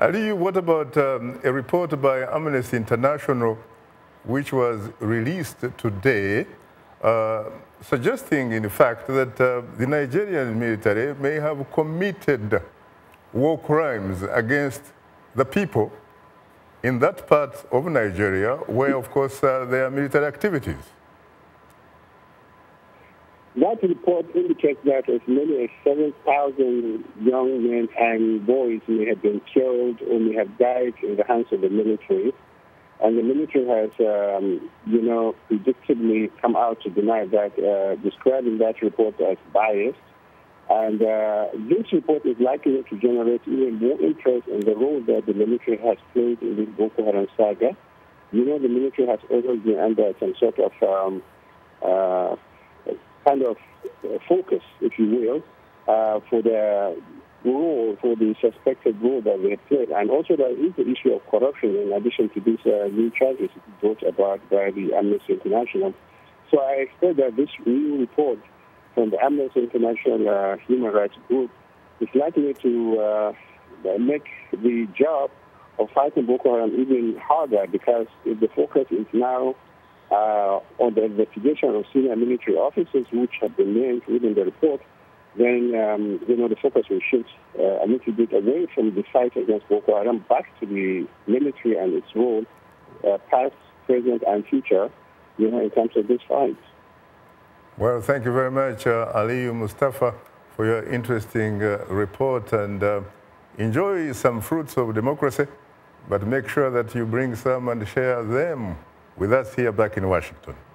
Ali, what about um, a report by Amnesty International, which was released today, uh, suggesting, in fact, that uh, the Nigerian military may have committed war crimes against the people in that part of Nigeria where, of course, uh, there are military activities. That report indicates that as many as 7,000 young men and boys may have been killed or may have died in the hands of the military. And the military has, um, you know, predictably come out to deny that, uh, describing that report as biased. And uh, this report is likely to generate even more interest in the role that the military has played in this Boko Haram saga. You know, the military has always been under some sort of um, uh, kind of uh, focus, if you will, uh, for the role, for the suspected role that they played. And also there is the issue of corruption in addition to these uh, new charges brought about by the Amnesty International. So I expect that this new report from the Amnesty International uh, Human Rights Group is likely to uh, make the job of fighting Boko Haram even harder because the focus is now uh, on the investigation of senior military officers, which have been named within the report, then um, you know the focus will shift uh, a little bit away from the fight against Boko Haram back to the military and its role, uh, past, present, and future, you know, in terms of this fight. Well, thank you very much, uh, Aliyu Mustafa, for your interesting uh, report, and uh, enjoy some fruits of democracy, but make sure that you bring some and share them with us here back in Washington.